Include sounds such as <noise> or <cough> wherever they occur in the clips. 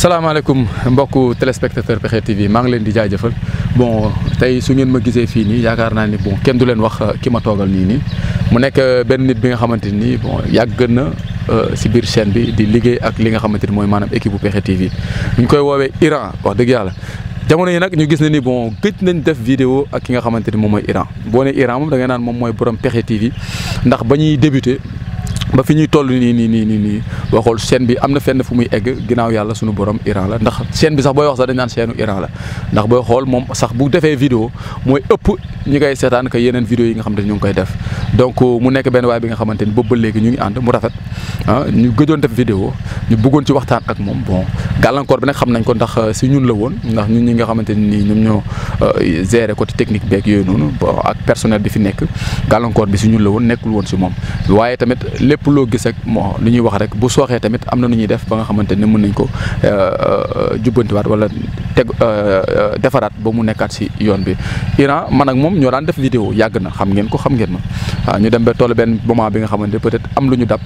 salaamaaleykum mbokku téléspectateur Pexxe TV maa ngi leen di jëfal bon tey su ngeen ma gisee fii nii yaakaar naa ni bon kenn du leen wax euh, ki ma toogal nii nii mu nekk euh, benn nit bi nga xamante nii bon yàgg na euh, si biir chaîne bi di liggéey ak li nga xamante ni mooy maanaam équipe bu Pexxe TV ñu koy woowee Iran wax dëgg yàlla. jamono yi nag ñu gis na ni bon gëj nañ def vidéo ak ki nga xamante ni moom mooy Iran boo ne Iran moom da ngay naan moom mooy borom Pexxe TV ndax ba ñuy débuté. ba fi ñuy toll nii nii nii nii nii boo xool chaîne bi am na fenn fu muy egg ginaaw yàlla suñu borom Iran la ndax seen bi sax booy wax sax dañ naan chaîne Iran la ndax booy xool moom sax bu defee vidéo mooy ëpp ñu koy seetaan que yeneen vidéo yi nga xam ne ñu ngi koy def donc mu nekk benn waay bi nga xamante ni boobu ba léegi ñu ngi ànd mu rafet ah ñu gëjoon def vidéo ñu bëggoon ci waxtaan ak moom bon gàllankoor bi nag xam nañ ko ndax euh, si ñun la woon ndax ñun ñi nga xamante ni ñoom ñoo euh, gérer côté technique beeg yooyu noonu ak personnel bi fi nekk gàllankoor bi si ñun la woon nekkul woon si moom waaye tamit lépp loo gis ak moo lu ñuy wax rek bu sooxee tamit am na nu ñuy def ba nga xamante ni mën nañ ko euh, jubbantiwaat wala teg defaraat ba mu nekkaat si yoon bi Iran man ak moom ñoo daan def vidéo yàgg na xam ngeen ko xam ngeen ma waa ah, ñu dem ba toll benn moment bi nga xamante peut-être am lu ñu dab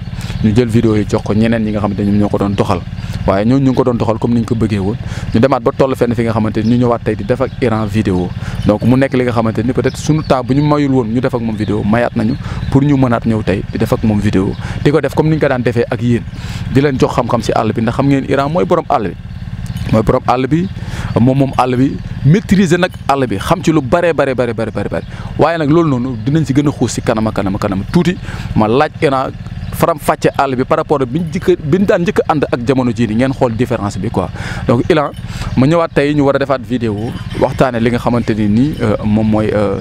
ñu jël vidéo yi jox ko ñeneen ñi nga xamante ñoom ñoo ko doon doxal waaye ñoo ñu ngi ko doon doxal comme ni ñu ko bëggee woon ñu demaat ba toll fenn fi nga xamante ñu ñëwaat tey di def ak Iran vidéo donc mu nekk li nga xamante ni peut-être suñu temps bu ñu mayul woon ñu def ak moom vidéo mayaat nañu pour ñu mënaat ñëw tey di def ak moom vidéo di ko def comme ni ñu ko daan defee ak yéen di leen jox xam-xam si àll bi ndax xam ngeen Iran mooy borom àll bi mooy borom àll bi moom moom àll bi maîtriser nag àll bi xam ci lu bare bare bare bare bare waaye nag loolu noonu dinañ si gën a xuus si kanam a kanam a kanam tuuti ma laaj Iran faram fàcce àll bi par rapport ak biñ njëkk biñ daan njëkk ànd ak jamono jii nii ngeen xool différence bi quoi donc Ilan ma ñëwaat tey ñu war a defaat vidéo waxtaane li nga xamante ni nii euh, moom mooy euh,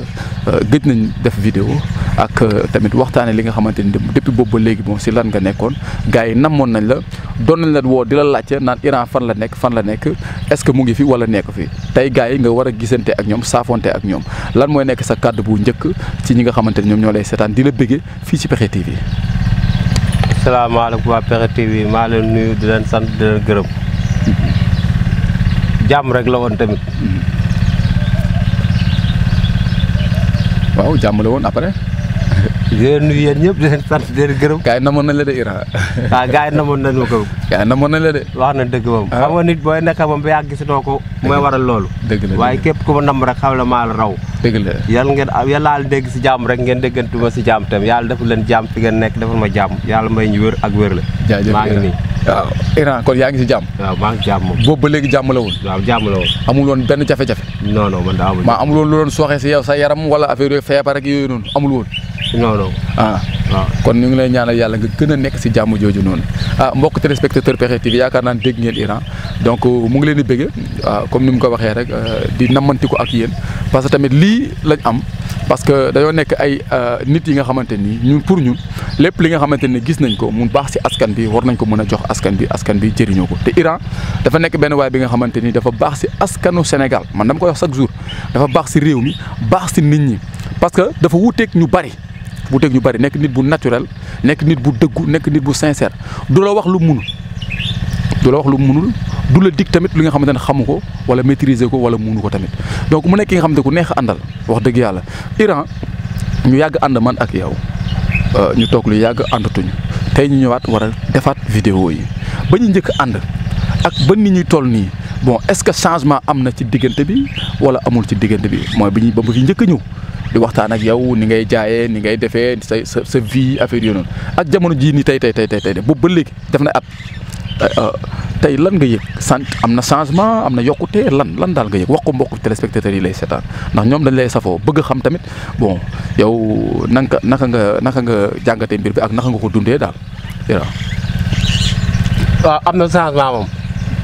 euh, gëj nañ def vidéo ak tamit waxtaane li nga xamante ni depuis boobu ba léegi moom si lan nga nekkoon gars yi namoon nañ la doon nañ la di la laajte naan Iran fan la nekk fan la nekk est-ce que mu ngi fi wala nekk fi tey gars yi nga war a gisante ak ñoom saafonte ak ñoom lan mooy nekk sa kàdd bu njëkk ci ñi nga xamante ni ñoom ñoo lay seetaan di la bégg fii ci Pexxe TV salaamaaleykum waa Pexxe TV maa leen nuyu di leen sant gërëm jàmm rek la woon tamit. waaw jàmm la woon après. di leen nuyu yéen ñëpp di leen sant di leen gërëm. gars yi namoon nañ la de Iran. waaw ah, gars yi namoon ko. gars de. wax na dëgg moom ah. xam nga nit booy nekk moom ba yàgg gisatoo ko. mooy la waaye képp ku ma namm si jàmm rek ngeen déggantuma si jàmm tam yàlla defal leen jàmm fi ngeen nekk defal ma jàmm yàlla may ñu wér ak wér la. jaajëf maa yaa ngi si jàmm. waaw ngi si jàmm moom. boobu ba léegi jàmm la woon. waaw jàmm la woon. amul woon benn jafe-jafe. maa amul woon lu si yow sa yaram wala affaire yooyu feebar ak yooyu amul woon. non non. Ah. Ah. kon ñu ngi lay ñaanal yàlla nga gën a nekk si jàmm jooju noonu ah mbokk téléspectateur Pexxe TV yaakaar naan dégg ngeen Iran donc euh, mu ngi leen di bëgge waaw ah, comme ni mu ko waxee rek euh, di nammantiku ak yéen parce que tamit lii lañ am parce que dañoo nekk ay euh, nit yi nga xamante ni ñun pour ñun lépp li nga xamante ni gis nañ ko mu baax si askan bi war nañ ko mën a jox askan bi askan bi jëriñoo ko te Iran dafa nekk benn waay bi nga xamante ni dafa baax si askanu Sénégal man dama koy wax chaque jour dafa baax si réew mi baax si nit ñi ñu bari bu teg ñu bari nekk nit bu naturel nekk nit bu dëggu nekk nit bu sincère du la wax lu munul du la wax lu munul du la dig tamit lu nga xamante ne xamu ko wala maîtriser ko wala munu ko tamit donc mu nekk ki nga ne ku neex àndal wax dëgg yàlla Iran ñu yàgg ànd man ak yow euh, ñu toog lu yàgg àndatuñu tey ñu ñëwaat war defaat vidéo yi ba ñu njëkk ànd ak ba nit ñuy tool nii bon est-ce que changement am na ci diggante bi wala amul ci diggante bi mooy bi ñuy ba mu njëkk ñëw. di waxtaan ak yow ni ngay jaayee ni ngay defee sa sa sa vie affaire yooyu noonu ak jamono jii nii tey tey tey tey boobu ba léegi def na at euh, tey lan nga yëg sant am na changement am na yokkute lan lan daal nga yëg wax ko mbokk téléspectateurs yi lay seetaan ndax ñoom dañ lay safoo bëgg xam tamit bon yow naka naka nga naka nga jàngatee mbir bi ak naka nga ko dundee daal waaw. am na changement moom.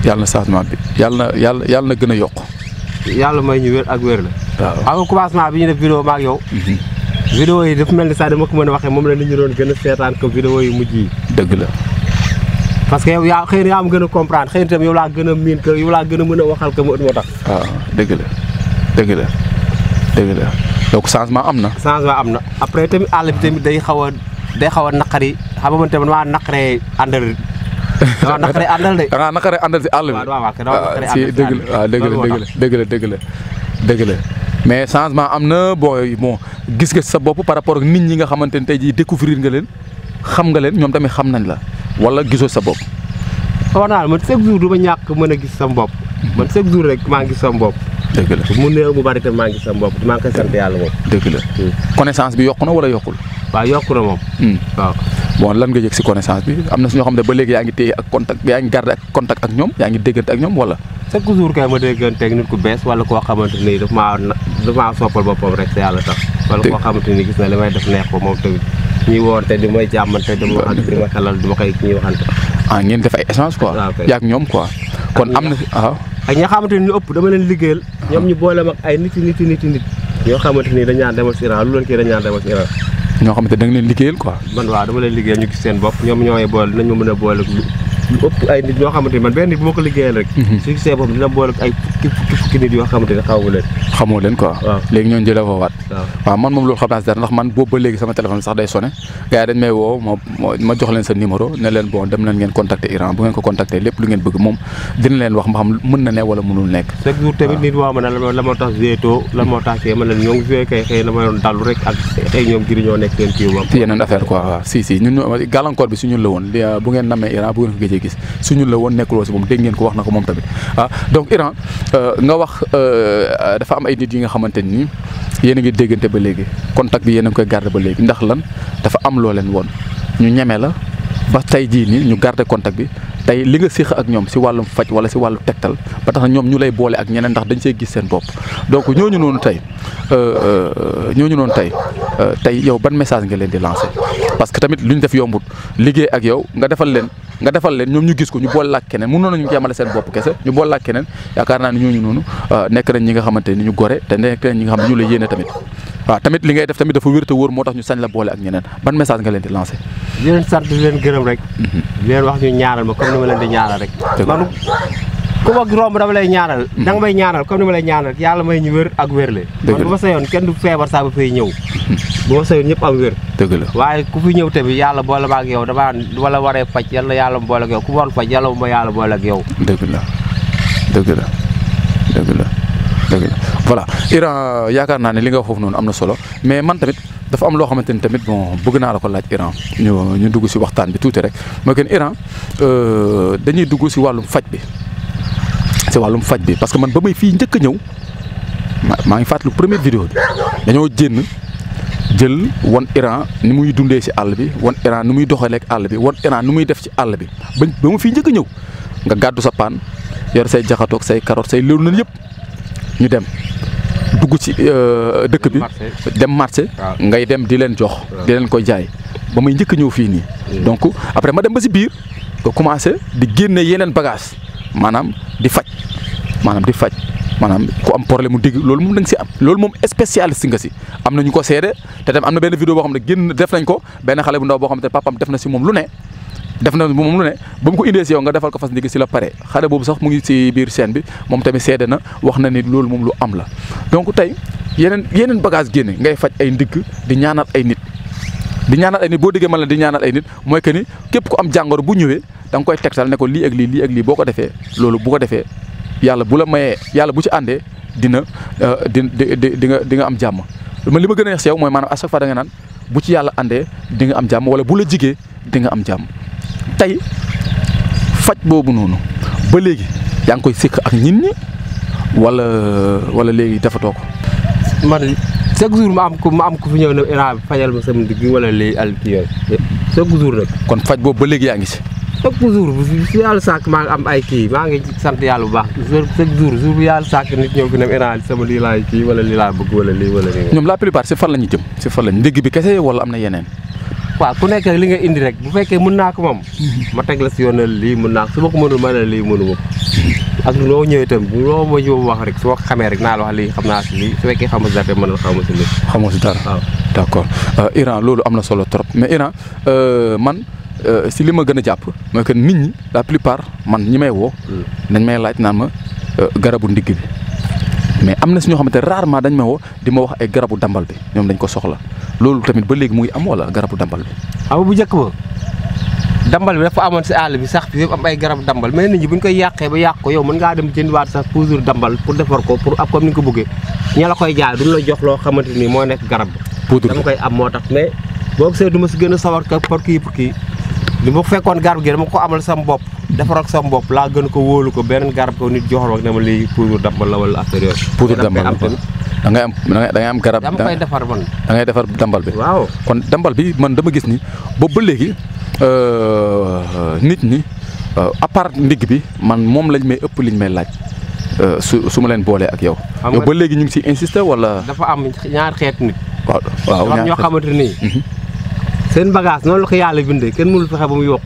yàlla na changement bi yàlla yàlla yàlla na gën a yokk. yàlla may ñu wér ak wér la waaw commencement bi ñu def vidéo maak yow vidéo yi dafa mel ni sax dama ko mën a waxee moom la nit ñu doon gën a seetaan ko vidéo yi mujj yi dëgg la parce que yow yaa xëy na yaa am gën a comprendre xëy na tam yow laa gën a miin que yow laa gën a mën a waxal que moo tax waaw dëgg la dëgg la dëgg la donc changement am na changement am na après tamit àll bi tamit day xaw a day xaw a naqari xam nga man tamit maa naqaree àndal waaw naqaree àndal de. ah naqaree àndal ah, si àll bi. dëgg la waaw dëgg la dëgg la dëgg la dëgg mais changement am na booy bon gis nga sa bopp par rapport ak nit ñi nga xamante ne tey jii découvrir nga leen xam nga leen ñoom tamit xam nañ la wala gisoo sa bopp. xaw naa man chaque jour du ñàkk mën a gis sa bopp man chaque jour rek maa ngi sa bopp. dëgg la mu mu bari tam maa ngi sa bopp maa yàlla moom. dëgg la hmm. connaissance bi yokku na wala yokkul. waaw yokku na moom. Hmm. bon lan nga yëg si connaissance bi am na si ñoo xam ne ba léegi yaa ngi téye ak contact yaa ngi garder ak contact ak ñoom yaa ngi déggante ak ñoom wala. koo xamante ni daf maa daf maa wala xamante ni gis na li may def neex ko moom tamit ñuy woonte di may jàmmante di ma ànd di ma ah, ah, yaa ak ñoom quoi. kon am na waaw. ak ñi ah. xamante ni ñu ëpp dama leen liggéeyal. ñoom ñu boole mag ay nit nit nit nit. ñoo xamante ni dañu naan demal si Iran lu leen kii dañu naan Iran ñoo xamante da leen liggéeyal quoi man waaw dama leen liggéeyal ñu gis seen bopp ñoom ñooy boole nañ ma mën a boole lu ëpp ay nit ñoo xamante man benn nit bu ma ko liggéeyal rek mhm. su gisee bopp dina boole ay fukki fukki fukki nit yoo xamante ne xamu leen xamoo leen quoi léegi ñooñu jëlee foofaat waaw man moom loolu xam naa si dara ndax man boobu ba léegi sama téléphone sax day sonné gars yi dañ may woo ma ma jox leen sa numéro ne leen bon dem leen ngeen contacter Iran bu ngeen ko contacter lépp lu ngeen bëgg moom dina leen wax ma xam mën na ne wala mënul nekk chaque jour tamit nit waa ma ne la moo tax Zéto la moo tax see ma ne ñoo ngi fee kay xëy na ma doon dallu rek ak xëy ñoom jëriñoo nekk seen kii moom yeneen affaire quoi waaw si si ñun gàllankoor bi su ñun la woon bu ngeen namee Iran bu ngeen ko géjee gis su ñun la woon nekkul woon si moom dégg ngeen ko wax na ko moom tamit ah donc Iran Euh, nga wax euh, dafa am ay nit yi nga xamante ni yéen a ngi déggante ba léegi contact bi yéen a ngi koy garder ba léegi ndax lan dafa am loo leen woon ñu ñeme la ba tey jii nii ñu garder contact bi tey li nga séq ak ñoom si wàllum faj wala si wàllu tegtal ba tax ñoom ñu lay boole ak ñeneen ndax dañ see gis seen bopp donc ñooñu noonu tey euh, ñooñu noonu tey tey yow ban message nga leen di lancer. parce que tamit lu ñu def yombut liggéey ak yow nga defal leen nga defal leen ñoom ñu gis ko ñu boole ak keneen mënoon nañu yemale seen bopp kese ñu boole ak keneen yaakaar naa ne ñooñu noonu euh, nekk nañ ñi nga xamante ni ñu gore te nekk nañ ñi nga xam ne ñu la yéene tamit waaw tamit li ngay def tamit dafa wér te wóor moo tax ñu sañ la boole ak ñeneen ban message nga leen di lancé di leen sant di leen gërëm rek mhm. ku ma romb dama lay ñaanal mm-hmm. da may ñaanal kon ni ma lay ñaanal yàlla may ñu wér ak wér le man bu ma sayoon kenn du feebar saa ba fay ñëw mm-hmm. bu ma sayoon ñëpp am wér dëgg la waaye ku fi ñëw tamit yàlla boole ma yow dama wala waree faj yàlla yàlla boole ak yow ku waroon faj yàlla ma yàlla boole yow dëgg la dëgg la dëgg la Iran yaakaar naa ne li nga wax foofu noonu am na solo mais man tamit dafa am loo xamante ni tamit bon bëgg naa la ko laaj Iran ñu ñu dugg si waxtaan bi tuuti rek mooy que Iran euh, dañuy dugg si wàllum faj bi si wàllum faj bi parce que man ba may fii njëkk ñëw maa ngi fàttali première vidéo bi dañoo jénn jël wan Iran ni muy dundee ci àll bi wan Iran ni muy doxaleek àll bi wan Iran ni muy def ci àll bi bañ ba ma fii njëkk a ñëw nga gàddu sa paan yor say jaxatoog say carotte say léeru nan yëpp ñu dem dugg ci euh, dëkk bi dem marché ngay dem di leen jox di leen koy jaay ba may njëkk a ñëw fii nii mm. donc après ma dem ba ci biir nga commencé di génne yeneen bagage maanaam di faj maanaam di faj maanaam ku am problème mu digg loolu moom da si am loolu moom si nga si am na ñu ko seede te tam am na benn vidéo boo xam ne génn def nañ ko benn xale bu ndaw boo xam ne papam def na si moom lu ne def na moom lu ne ba mu ko indee si yow nga defal ko fas ndigi si la pare xale boobu sax mu ngi si biir scène bi moom tamit seede na wax na ni loolu moom lu am la donc tey yeneen yeneen bagage génne ngay faj ay ndigg di ñaanal ay nit di ñaanal ay nit boo déggee man la di ñaanal ay nit mooy que ni képp ko am jàngoro bu ñëwee da koy tegtal ne ko lii ak lii lii ak lii boo ko defee loolu bu ko defee yàlla bu la mayee yàlla bu ci àndee dina euh, di di di nga di am jàmm man li ma gën a neex seew mooy maanaam à chaque fois nga naan bu ci yàlla àndee di nga am jàmm wala bu la jigee di nga am jàmm tey faj boobu noonu ba léegi yaa koy sikk ak nit ñi wala léegi dafa toog chaque jour ma am ko ma am ko fi ñëw ne Iran fajal ma sama digg wala lii al kii jour nag. kon faj boobu ba léegi yaa ngi si. chaque jour su yàlla sàkk maa ngi am ay kii ngi sant yàlla bu baax chaque jour jour bu yàlla nit ñëw fi ne Iran sama lii laay kii wala lii laa bëgg wala lii wala lii. ñoom la plupart si fan la ñu jëm si fan la ñu ndégg bi kese wala am na yeneen. waaw ku nekk li nga indi rek bu fekkee mën naa ko moom. <laughs> ma teg la si yoonal lii mën naa ko su ma ko mënul ma ne lii mënu ma ko ak loo ñëwee itam bu loo ma yóbbu wax rek soo xamee rek naa la wax xam naa si lii su fekkee xamu si dara mën na xamu si lii. xamu si dara euh, loolu am na solo trop mais Iran euh, man euh, si li ma gën a jàpp mooy que nit ñi la plupart man ñi may woo. dañ may laaj naan ma garabu ndigg bi. mais am na si ñoo xamante rarement dañ ma woo ma wax ay garabu dambal bi ñoom dañ ko soxla loolu tamit ba léegi muy am wala garabu dambal bi. aw bu njëkk ba dambal bi dafa amoon si àll bi sax bi yëpp am ay garab dambal mais nit ñi bu ñu koy yàqee ba yàq ko yow mën ngaa dem jëndiwaat sax toujours dambal pour defar ko pour ab comme ko bëggee la koy jaay duñ la jox loo xamante ni moo nekk garab bi dama koy am moo tax mais boo gisee du si gën a sawar ka par kii pour kii li ma fekkoon garab gi dama ko amal sama bopp defar ak sama bopp laa gën ko wóolu ko beneen garab ko nit joxoon ak ne ma lii poudre dambal la wala affaire yooyu poudre dambal am tamit da ngay am da ngay am garab da ngay defar man da ngay defar dambal bi waaw kon dambal bi man dama gis nii boobu ba léegi Euh, nit ñi euh, à part ndigg bi man moom lañ may ëpp liñ may laaj euh, su su leen boolee ak yow. yow ba léegi ñu ngi si insister wala. dafa am ñaar xeet nit. waaw waaw ñaar ñoo xamante ni. Mhm. seen bagage noonu la ko yàlla bindee kenn fexe ba mu yokk.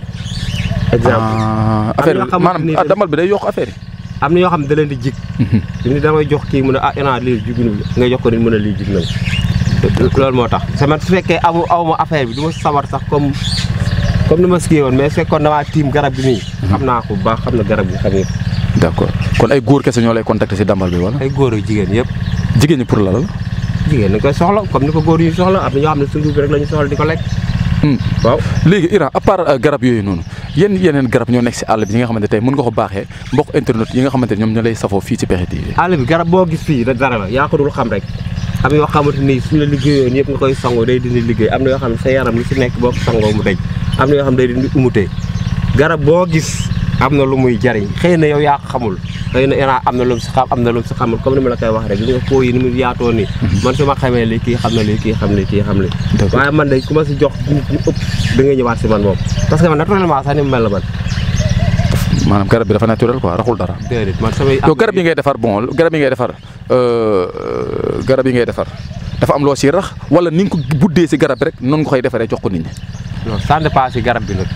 exemple ah, affaire bi maanaam ah, damal bi day yokk affaire yi. am na yoo xam ne da leen di jig. Mhm. ni damay jox kii mun a ah inaa nga jox ko ni mën a loolu moo tax. sama su fekkee amu aw ma affaire bi du ma sax comme comme ni ma si woon mais fekkoon damaa tiim garab bi nii. xam naa ko baax xam na garab bi xam yëpp. d' kon ay góor kese ñoo lay contacter si dambal bi wala. ay góor ak jigéen yëpp. jigéen ñi pour la lan. jigéen ñi koy soxla comme ni ko yi soxla am na xam ne sunguf ñu soxla di ko lekk. Hmm. waaw léegi Iran à part euh, garab yooyu noonu yenn yeneen garab ñoo nekk si àll bi yi baaxee mbokk internet yi nga xamante ñoom ñoo lay safoo fii ci Pexxe TV. àll bi garab boo gis fii dara la yaa ko dul xam rek am yoo xamante ni suñu la nekk boo ko sangoo mu daj am na yoo xam day dindi umute garab boo gis am na lu muy jariñ xëy na yow yaa xamul xëy na am na lu mu si xam am na lu mu si xamul comme ni ma la koy wax rek li yi ni mu yaatoo nii mhm. man su ma xamee li kii xam na li kii xam li kii xam li waaye man de ku ma si jox nit ñu ëpp da ñëwaat si man moom parce que man naturellement sax ni mu mel la man maanaam garab bi dafa naturel quoi raxul dara déedéet man samay yow garab yi ngay defar bon garab yi ngay defar euh, garab yi ngay defar dafa am loo si rax wala ni nga ko buddee si garab bi rek noonu nga koy defaree jox ko nit ñi. non garab bi nag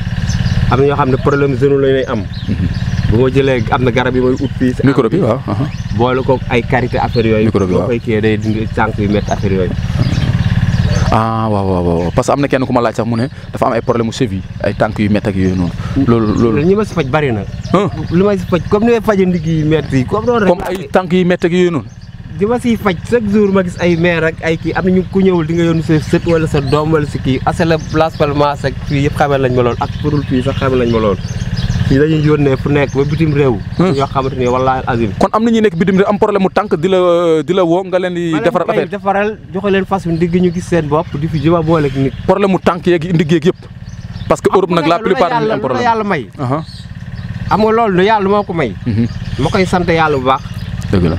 am na ñoo xam ne problème zone la am. Mhm. bu ma jëlee am na garab yi mooy micro bi waaw boole ko ay karité affaire yooyu. micro bi waaw boo koy kiiyee yu métti affaire yooyu. ah que am kenn ku ma laaj mu ne dafa am ay problème mu ay tànk yu métti yooyu noonu. loolu loolu ñi ma si faj bari na. li ma si faj comme ni may ndigg yu métti yi comme noonu rek. comme ay tànk yu métti ak yooyu noonu. di ma siy faj chaque jour ma gis ay maire ak ay kii am na ñu ku di nga yónni sa sët wala sa doom wala si kii asala place Palmas ma lool fii sax xamee lañ ma lool fii dañuy yónnee fu hmm. am na ñu nekk bitim réew am problème mu tànk di la di la woo nga leen di defaral affaire defaral ah, may moo ko may mhm. ma koy sant yàlla bu baax dëgg la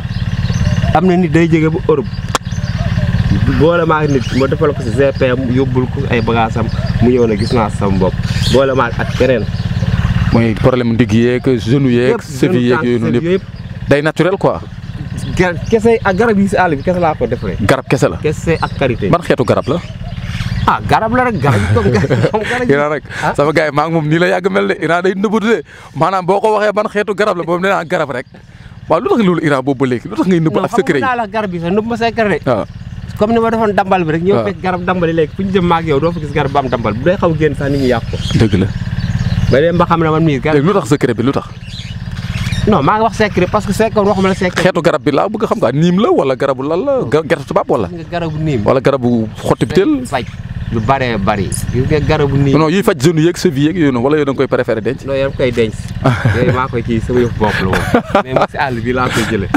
am na nit day jóge bu Europe boole maag nit moo defal ko si GPM yóbbul ko ay bagaasam mu ñëw na gis naa sama bopp boole maag ak keneen. mooy problème ndigg yeeg genou yeeg. cheville yeeg yooyu noonu yëpp day naturel quoi. garab kese ak garab yi si àll bi laa ko defee. garab kese la kese ak karité. ban xeetu garab la. ah garab la rek garab comme garab <laughs> Iran rek ah. sama gars maa ngi moom nii la yàgg mel de Iran day nëbbu de maanaam boo ko waxee ban xeetu garab la boobu nee naa garab rek. waaw lu tax loolu Iran boobu ba léegi lu tax ngay nëbb ab secret yi xam nga garab bi sax nëbb ma secret de ah. comme ah. garab dambali léegi fu ñu jëm maag ba am dambal bu day xaw génn sax nit ñi yàq ko dëgg la ba dee ba xam ne man mii lu tax secret bi lu tax non maa ngi wax secret parce que secret waxuma la secret xeet garab bi laa bëgg xam nga niim la wala garabu lan la garabu tubaab wala garabu niim wala garabu xotti biteel faj lu bëree bari gis nga garabu nii. non yuy faj zone yeeg sa vie yeeg yooyu noonu wala yooyu da koy préféré denc. non yow koy denc. <laughs> yooyu maa koy kii sama yëfu bopp la woon mais àll bi laa koy jëlee <laughs>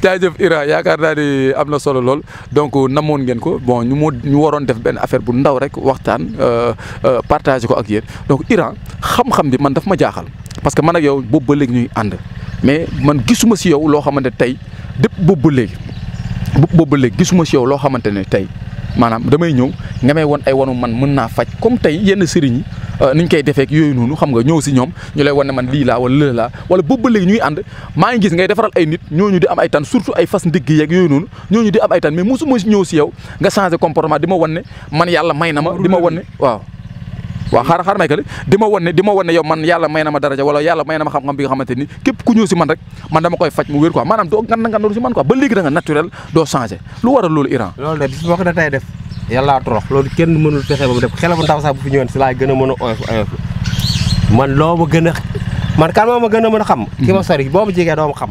Ira yaakaar naa ni am na solo lool donc namoon ngeen ko bon ñu moo ñu waroon def benn affaire bu ndaw rek waxtaan euh, euh, partager ko ak yéen donc Ira xam-xam bi man daf ma jaaxal parce que man ak yow boobu ba léegi ñuy ànd mais man gisuma si yow loo xamante tey dépp boobu ba léegi boobu ba léegi gisuma si yow loo xamante ne tey. maanaam damay ñëw nga may won ay wanu man mën naa faj comme tey yenn sëriñ yi euh, niñ koy defee ak yooyu noonu xam nga ñëw si ñoom ñu lay wan ne man lii laa wala lëla laa wala boobu ba léegi ñuy ànd maa ngi gis ngay defaral ay nit ñooñu di am ay tan surtout ay fas ndigg yeeg yooyu noonu ñooñu di am ay tan mais mosuma ñëw si yow nga changé comportement di ma wan ne man yàlla may na ma di ma wan ne waaw waaw xaar xaar may kale di ma wan ne di ma wan ne yow man yàlla may na ma daraja wala yàlla may na ma xam-xam bi nga xamante ni képp ku ñëw si man rek man dama koy faj mu wér quoi maanaam doo ngan na ngandalu si man quoi ba léegi da nga naturel doo changé lu waral loolu Iran loolu de bis boo ko da tey def yàllaa torox loolu kenn mënul fexe ba mu def xel ndaw sax bu fi ñëwoon si laa gën a mën a oyof oyof man loo ma gën man kan moo ma gën a mën a xam ma sori boo ma jegee doo xam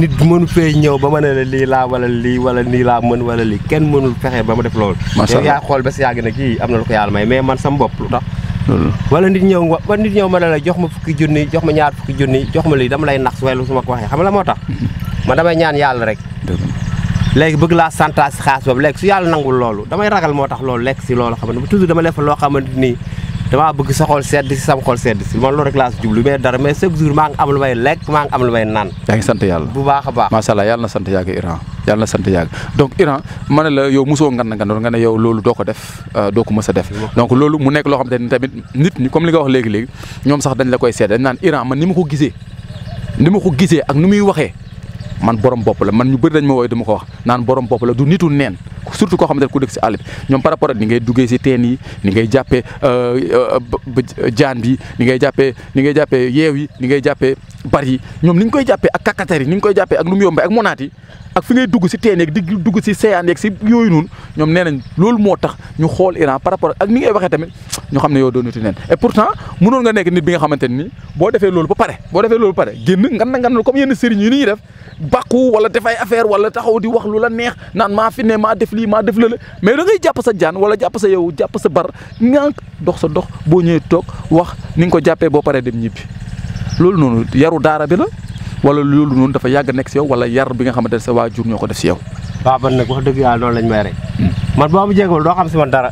nit mënu fee ñëw ba ma ne la lii laa wala lii wala nii laa mën wala lii kenn mënul fexe ba ma def loolu yow yaa xool ba si na kii am na lu ko yàlla may mais man sama bopp lu tax wala nit ñëw ba nit ma ne la jox ma fukki junni jox ma ñaar fukki junni jox ma lii dama la nax su waylu su ma ko waxee xam la moo tax mm-hmm. ma damay ñaan yàlla rek léegi bëgg laa santaas si xaas boobu léegi su yàlla nangul loolu damay ragal moo tax loolu lekk si loolu xamante toujours dama lefa loo xamante nii damaa bëgg sa xol sedd si sama xol sedd si man loolu rek laa si jublu mais dara mais chaque jour maa ngi am lu may lekk maa ngi am lu may naan yaa ngi sant yàlla bu baax a baax macha yàlla na sant yàgg Iran yàlla na sant yàgg donc Iran ma la yow mosoo ngan na ngandoon nga ne yow loolu doo ko def euh, doo ko mës a def donc loolu mu nekk loo xam ni tamit nit ñi comme li nga wax léegi-léegi ñoom sax dañ la koy seet naan Iran man ni ma ko gisee ni ma ko gisee ak ni muy waxee man borom bopp la man ñu bëri dañ ma woowee dama ko wax naan borom bopp la du nitu neen surtout koo xamante ne ku dëkk si àll bi ñoom par rapport ni ngay duggee si teen yi ni ngay jàppee euh, euh, jaan bi ni ngay jàppee ni ngay jàppee yeew yi ni ngay jàppee bari ñoom ni ñu koy jàppee ak kakatar yi ni koy jàppee ak lu mu yombee ak monaat yi ak fi ngay dugg si teen yeeg di dugg si séyaan yeeg si yooyu noonu ñoom nee nañ loolu moo tax ñu xool Iran par rapport ak ni ngay waxee tamit ñu xam ne yow doonati neen et pourtant mënoon nga nekk nit bi nga xamante ni boo defee loolu ba pare boo defee loolu ba pare génn ngan na ngan na comme yenn sëriñ yi wala taxaw di wax lu la neex naan maa fi ne maa def lii maa def le mais da ngay jàpp sa jaan wala jàpp sa yow jàpp sa bar ñànk dox sa dox boo ñëwee toog wax ni nga ko jàppee boo paree dem ñibbi loolu noonu yaru daara bi la wala loolu noonu dafa yàgg nekk si yow wala yar bi nga xamante ne sa jur ñoo ko def si yow. waaw man nag wax dëgg yàlla loolu lañ may rek hmm. man boo ma jéegawul doo xam si man dara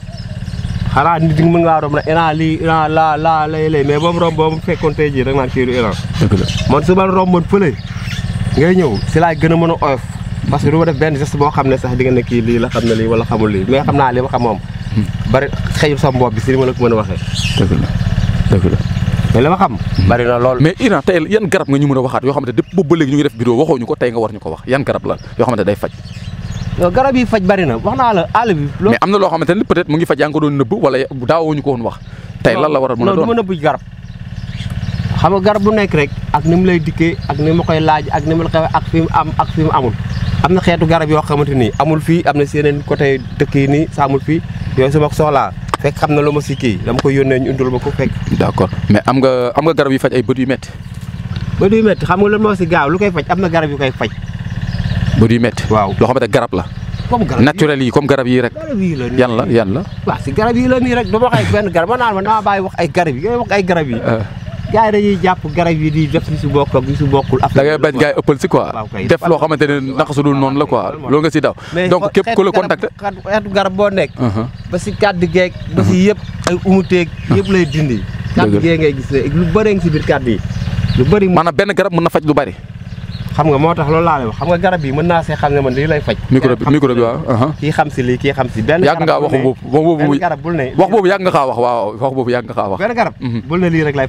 xanaa nit ñi mën ngaa romb nag Iran lii Iran laa laa lay lay mais boobu romb boobu fekkoon tey jii rek naan kii du Iran. la ngay ñëw si a mën a oyof parce que du ma def benn xam ne sax di nga ne kii lii la xam ne lii wala xamul lii mais xam naa li ma xam moom. Hmm. bari xëyul sa mbob bi si li ma la ko mën a waxee. dëgg dëgg la. mais la xam bari na lool. mais Iran tey yan garab nga ñu mën a waxaat yoo xamante depuis boobu ba léegi ñu ngi def vidéo waxoo ñu ko tey nga war ñu ko wax yan garab la yoo xamante day faj garab yi faj bari na wax naa la àll bi mais am na loo xamante ni peut-être mu ngi faj yaa ngi ko doon nëbb wala daawoo ñu ko wax tey lan la war a mën a doon non du ma nëbb garab bu nekk rek ak ni mu lay dikkee ak ni ma koy laaj ak ni ma la xewee ak fi mu am ak fi mu amul am na xeetu garab yoo xamante nii amul fii am na seeneen côté dëkk yi nii sa amul fii yooyu sama soxlaa fekk xam na lu ma si kii dama koy yónnee ñu indul ma ko fekk. d'accord mais am nga am nga garab yu faj ay bët yu métti. bët yu métti xam nga lan moo si gaaw lu koy faj am na garab yu koy faj. bët yu métti. waaw loo xamante garab la. comme garab yi naturel yi comme garab yi rek. garab yi la yan la yan la. waaw si garab yi la nii rek dama wax ay benn garab ma naan ma naa bàyyi wax ay garab yi yooyu wax ay garab yi. Euh. gars yi dañuy jàpp garab yi di def li si bokk ak li si bokkul. da ngay bañ gars yi ëppal si quoi def loo xamante ne naka su dul noonu la quoi loolu nga si daw. donc képp ku la contacté garab boo nekk. Uh-huh. ba si kàddu geeg. ba si uh-huh. yëpp ay umuteeg. Uh-huh. yëpp lay dindi. kàddu gee ngay gis ne lu bëri nga si biir kàddu yi. lu bëri maanaam benn garab mën na faj lu bari xam nga moo tax loolu laa lay xam nga garab yi mën naa see xam ne man lii lay faj. micro bi waaw. kii xam si lii kii xam si benn. yàgg ngaa wax boobu boobu wax boobu yàgg nga xaa wax waaw wax yàgg nga xaa wax. benn garab mm-hmm. bul ne lii rek lay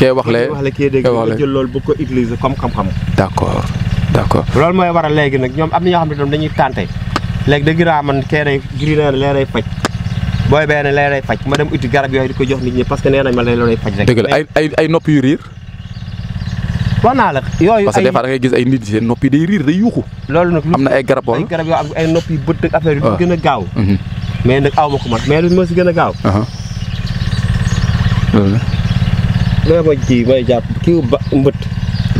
kee wax lee kee wax lee jël loolu bu ko utiliser comme xam-xam. d' accord d' loolu mooy waral léegi nag ñoom am na ñoo xam ne tam dañuy tànte léegi da giraa man kee day giri nee na lee lay faj booy bee ne lee lay faj ma dem uti garab yooyu di ko jox nit ñi parce que nee nañ ma lee lay faj rek. dëgg la ay ay yu riir. wax naa la yooyu parce que des ngay gis ay nit seen nopp yi day riir day yuuxu. loolu am na ay garab ay garab yoo am ay nopp yu bët ak affaire yu ah. gën a gaaw. Mhm. mais nag aw ma ko ma mais lu ma si gën a gaaw. danga koy ma bay jàpp kii ba mbët.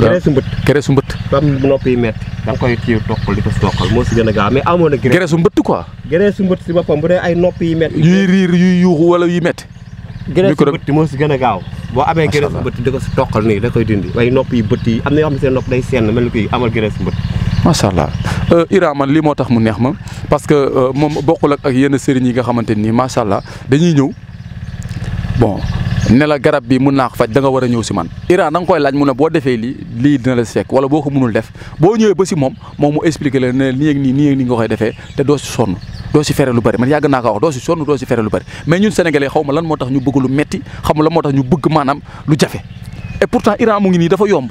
keresu mbët keresu mbët. ba mu noppi metti da koy kii toqal di ko toqal moo si gën a gaaw mais amoon na. keresu mbët quoi. keresu mbët si boppam bu dee ay noppi yu metti. yuy riir yuy yuuxu wala yuy metti. moo si gën a gaaw boo amee gereesu bëtt di ko si toqal nii da koy dindi waaye nopp yi bëtt yi am na yoo xam ne seen nopp day seen mel ni koy amal gereesu bëtt macha allah euh, Ira man lii moo tax mu neex ma parce que euh, moom bokkul ak yenn sëriñ yi nga xamante nii macha allah dañuy ñëw bon ne la garab bi mun naa ko faj da war a ñëw si man Iran da nga koy laaj mu ne boo defee lii lii dina la si fekk wala boo ko munul def boo ñëwee ba si moom moom mu expliqué la ne nii ak nii nii nga koy defee te doo si sonn doo si fere lu bëri man yàgg naa ko wax doo si sonn doo si fere lu bëri mais ñun sénégalais xaw ma lan moo tax ñu bëgg lu metti xaw lan moo tax ñu bëgg maanaam lu jafe et pourtant Iran mu ngi nii dafa yomb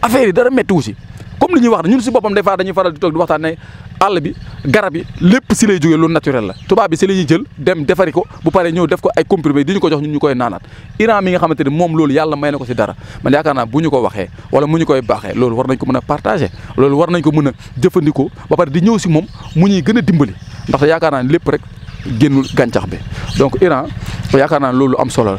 affaire yi dara méttiwu si comme li ñuy wax ne ñun faral di toog di àll bi garab yi lépp si lay jógee lu naturel la tubaab si la ñuy jël dem defari ko bu paree ñëw def ko ay comprimé di ñu ko jox ñun ñu koy naanaat Iran mi nga xamante ne moom loolu yàlla may na ko si dara man yaakaar naa bu ñu ko waxee wala mu ñu koy baaxee loolu war nañ ko mën a partagé loolu war nañ ko mën a jëfandikoo ba pare di ñëw si moom mu ñuy gën a dimbali ndax yaakaar naa lépp rek génnul gàncax bi donc Iran yaakaar naa loolu am solo